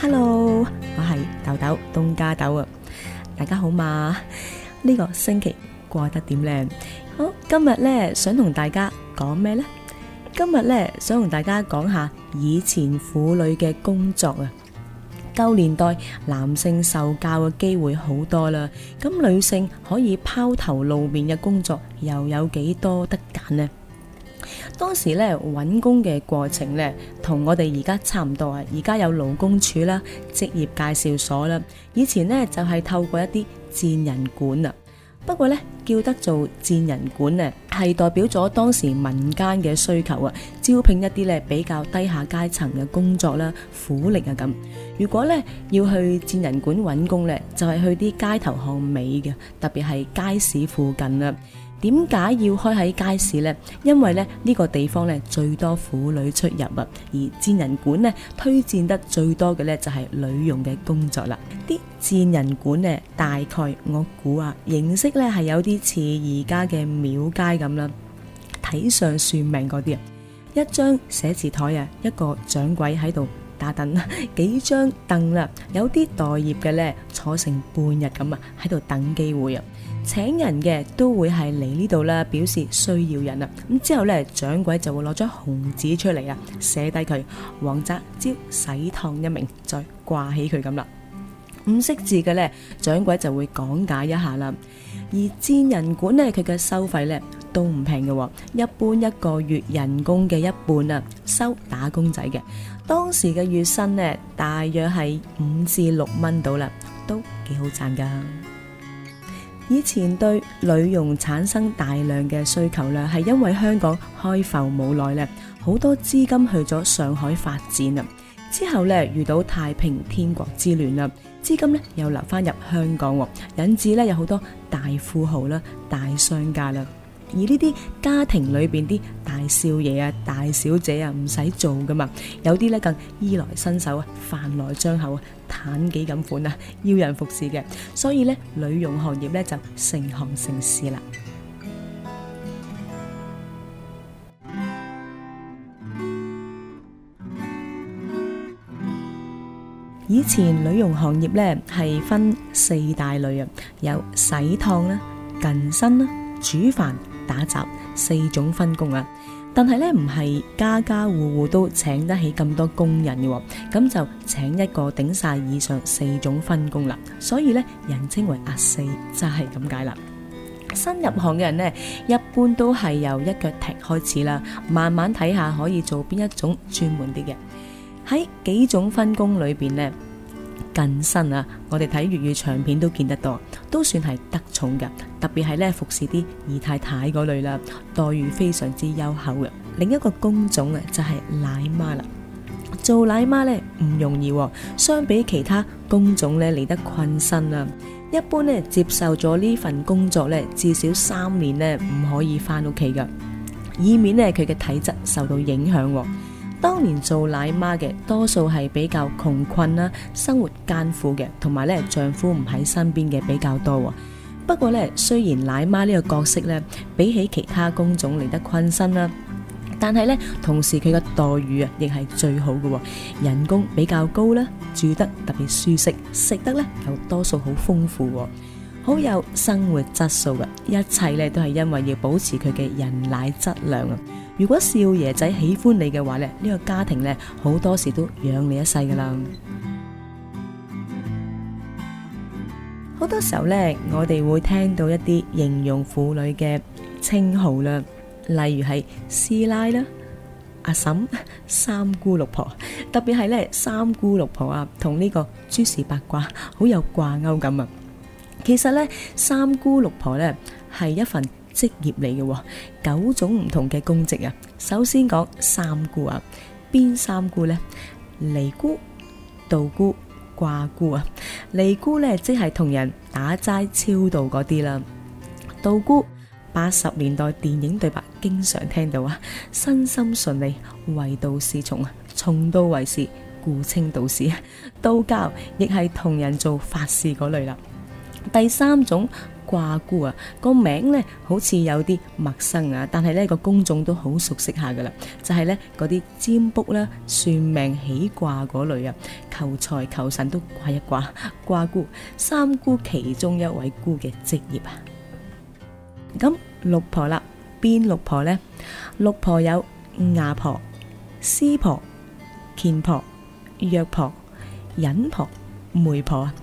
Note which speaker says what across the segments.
Speaker 1: Hello，我係豆豆東加豆啊！大家好嘛？呢、這個星期過得點咧？好，今日呢，想同大家講咩呢？今日呢，想同大家講下以前婦女嘅工作啊！舊年代男性受教嘅機會好多啦，咁女性可以拋頭露面嘅工作又有幾多得揀呢？當時咧，揾工嘅過程咧，同我哋而家差唔多啊！而家有勞工處啦、職業介紹所啦，以前呢就係、是、透過一啲薦人館啊。不過咧，叫得做薦人館咧，係代表咗當時民間嘅需求啊，招聘一啲咧比較低下階層嘅工作啦、苦力啊咁。如果咧要去薦人館揾工咧，就係、是、去啲街頭巷尾嘅，特別係街市附近啦、啊。點解要開喺街市呢？因為咧呢個地方咧最多婦女出入啊，而占人館咧推薦得最多嘅呢，就係女傭嘅工作啦。啲占人館咧大概我估啊，形式呢係有啲似而家嘅廟街咁啦，睇相算命嗰啲啊，一張寫字枱啊，一個掌櫃喺度打凳，幾張凳啦，有啲待業嘅呢，坐成半日咁啊，喺度等機會啊。請人嘅都會係嚟呢度啦，表示需要人啊！咁之後呢，掌櫃就會攞張紅紙出嚟啊，寫低佢黃宅招洗熨一名，再掛起佢咁啦。唔識字嘅呢，掌櫃就會講解一下啦。而薦人館呢，佢嘅收費呢，都唔平嘅，一般一個月人工嘅一半啊，收打工仔嘅。當時嘅月薪呢，大約係五至六蚊到啦，都幾好賺噶。以前對女傭產生大量嘅需求咧，係因為香港開埠冇耐咧，好多資金去咗上海發展啊。之後咧遇到太平天國之亂啦，資金咧又流翻入香港，引致咧有好多大富豪啦、大商家啦。而呢啲家庭裏邊啲大少爺啊、大小姐啊，唔使做噶嘛。有啲呢更衣來伸手啊，飯來張口啊，妲己咁款啊，要人服侍嘅。所以呢，女傭行業呢就成行成市啦。以前女傭行業呢係分四大類啊，有洗燙啦、近身啦、煮飯、打雜四種分工啊，但係咧唔係家家戶戶都請得起咁多工人嘅喎，咁就請一個頂晒以上四種分工啦。所以咧，人稱為阿四就係咁解啦。新入行嘅人呢，一般都係由一腳踢開始啦，慢慢睇下可以做邊一種專門啲嘅。喺幾種分工裏邊呢？近身啊！我哋睇粵語長片都見得多，都算係得寵嘅。特別係咧服侍啲姨太太嗰類啦，待遇非常之優厚嘅。另一個工種啊，就係奶媽啦。做奶媽咧唔容易，相比其他工種咧嚟得困身啦。一般咧接受咗呢份工作咧，至少三年呢唔可以翻屋企噶，以免呢佢嘅體質受到影響。當年做奶媽嘅，多數係比較窮困啦，生活艱苦嘅，同埋咧丈夫唔喺身邊嘅比較多。不過咧，雖然奶媽呢個角色咧，比起其他工種嚟得困身啦，但係咧同時佢嘅待遇啊，亦係最好嘅，人工比較高啦，住得特別舒適，食得咧又多數好豐富。好有生活質素嘅，一切咧都係因為要保持佢嘅人奶質量啊！如果少爺仔喜歡你嘅話咧，呢個家庭咧好多時都養你一世噶啦。好多時候咧，我哋會聽到一啲形容婦女嘅稱號啦，例如係師奶啦、阿嬸、三姑六婆，特別係咧三姑六婆啊，同呢個諸事八卦好有掛鈎咁啊！其實咧，三姑六婆咧係一份職業嚟嘅，九種唔同嘅公職啊。首先講三姑啊，邊三姑咧？尼姑、道姑、卦姑啊。尼姑咧即係同人打齋超度嗰啲啦。道姑，八十年代電影對白經常聽到啊，身心順利，為道是從，從道為事，故稱道士。道教亦係同人做法事嗰類啦。第三種卦姑啊，個名咧好似有啲陌生啊，但係咧個公眾都好熟悉下噶啦，就係咧嗰啲占卜啦、算命、起卦嗰類啊，求財求神都掛一掛卦姑，三姑其中一位姑嘅職業啊，咁六婆啦，邊六婆咧？六婆有牙婆、師婆、虔婆、藥婆、穩婆、媒婆啊。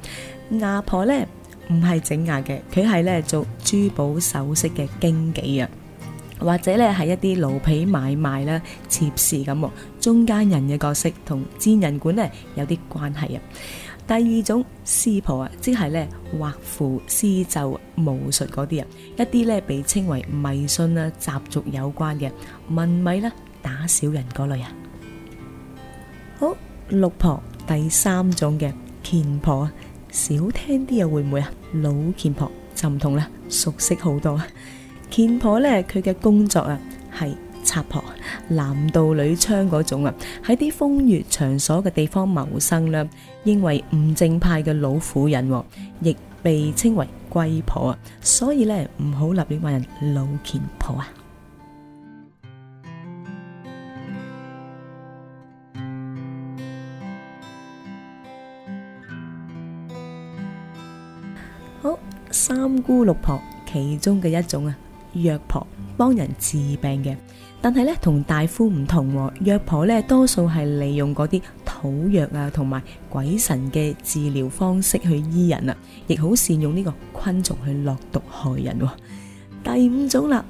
Speaker 1: 牙婆咧？唔係整牙嘅，佢係咧做珠寶首飾嘅經紀人，或者咧係一啲奴婢買賣啦、妾侍咁啊，中間人嘅角色同賤人館呢有啲關係啊。第二種師婆啊，即係咧畫符、施咒、巫術嗰啲人，一啲咧被稱為迷信啊、習俗有關嘅問米啦、打小人嗰類啊。好六婆，第三種嘅虔婆啊。少聽啲啊，會唔會啊？老虔婆就唔同啦，熟悉好多。虔婆咧，佢嘅工作啊係插婆，男盜女娼嗰種啊，喺啲風月場所嘅地方謀生啦，認為唔正派嘅老婦人，亦被稱為貴婆啊，所以咧唔好立亂話人老虔婆啊。三姑六婆其中嘅一種啊，藥婆幫人治病嘅，但係呢同大夫唔同，藥婆呢多數係利用嗰啲土藥啊，同埋鬼神嘅治療方式去醫人啊，亦好善用呢個昆蟲去落毒害人。第五種啦，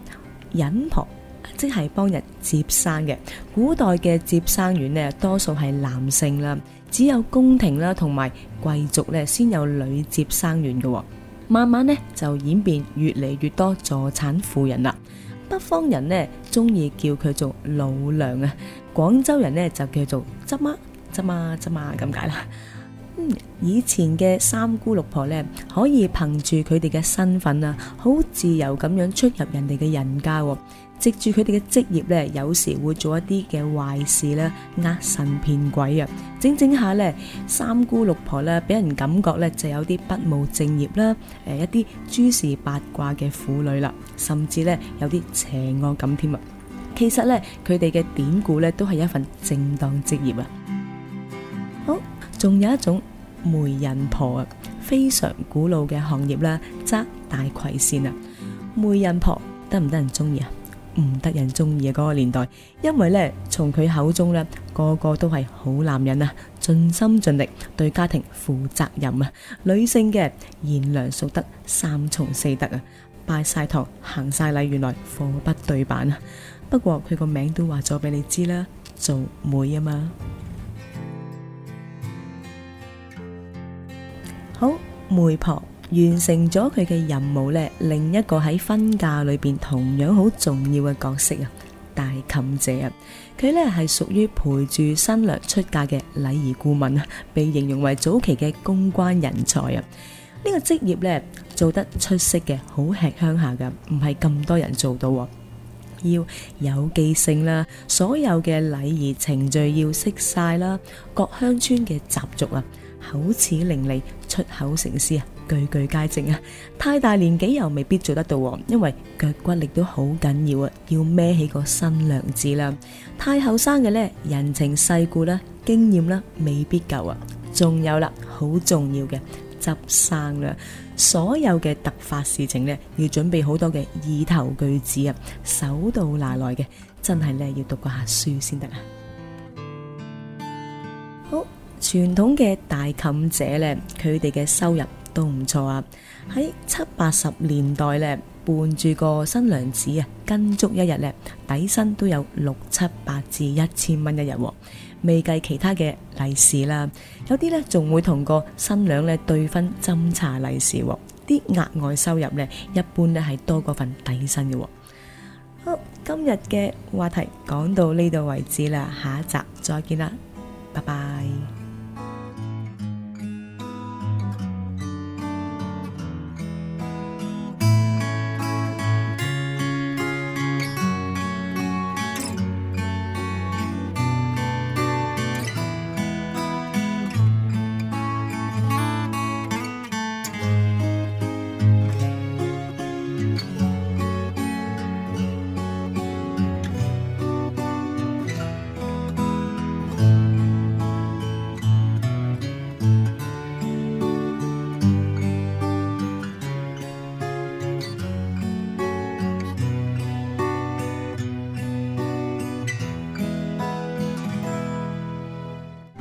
Speaker 1: 穩婆即係幫人接生嘅，古代嘅接生員呢，多數係男性啦，只有宮廷啦同埋貴族呢先有女接生員嘅。慢慢咧就演變，越嚟越多助產婦人啦，北方人呢，中意叫佢做老娘啊，廣州人呢，就叫做執媽執媽執媽咁解啦。嗯，以前嘅三姑六婆呢，可以憑住佢哋嘅身份啊，好自由咁樣出入人哋嘅人家。藉住佢哋嘅職業咧，有時會做一啲嘅壞事咧，呃神騙鬼啊，整整下咧，三姑六婆咧，俾人感覺咧就有啲不務正業啦，誒一啲諸事八卦嘅婦女啦，甚至咧有啲邪惡咁添啊。其實咧，佢哋嘅典故咧都係一份正當職業啊。好，仲有一種媒人婆啊，非常古老嘅行業啦，揸大葵扇啊，媒人婆得唔得人鍾意啊？唔得人中意嘅，嗰個年代，因為呢從佢口中呢個個都係好男人啊，盡心盡力對家庭負責任啊，女性嘅賢良淑德、三從四德啊，拜晒堂行晒禮，原來貨不對版啊！不過佢個名都話咗俾你知啦，做妹啊嘛，好媒婆。完成咗佢嘅任務咧，另一個喺婚嫁裏邊同樣好重要嘅角色啊，大妗姐啊，佢咧係屬於陪住新娘出嫁嘅禮儀顧問啊，被形容為早期嘅公關人才啊。呢個職業咧做得出色嘅，好吃香噶，唔係咁多人做到。要有記性啦，所有嘅禮儀程序要識晒啦，各鄉村嘅習俗啊，口齒伶俐，出口成詩啊。句句皆正啊！太大年紀又未必做得到，因為腳骨力都好緊要啊，要孭起個新娘子啦。太後生嘅呢，人情世故啦、經驗啦，未必夠啊。仲有啦，好重要嘅執生啦！所有嘅突發事情呢，要準備好多嘅意頭句子啊，手到拿來嘅，真係呢，要讀過下書先得啊！好，傳統嘅大冚者呢，佢哋嘅收入。都唔錯啊！喺七八十年代呢，伴住個新娘子啊，跟足一日呢，底薪都有六七百至一千蚊一日，未計其他嘅利是啦。有啲呢仲會同個新娘呢對分斟茶利是，啲額外收入呢，一般呢係多過份底薪嘅。好，今日嘅話題講到呢度為止啦，下一集再見啦，拜拜。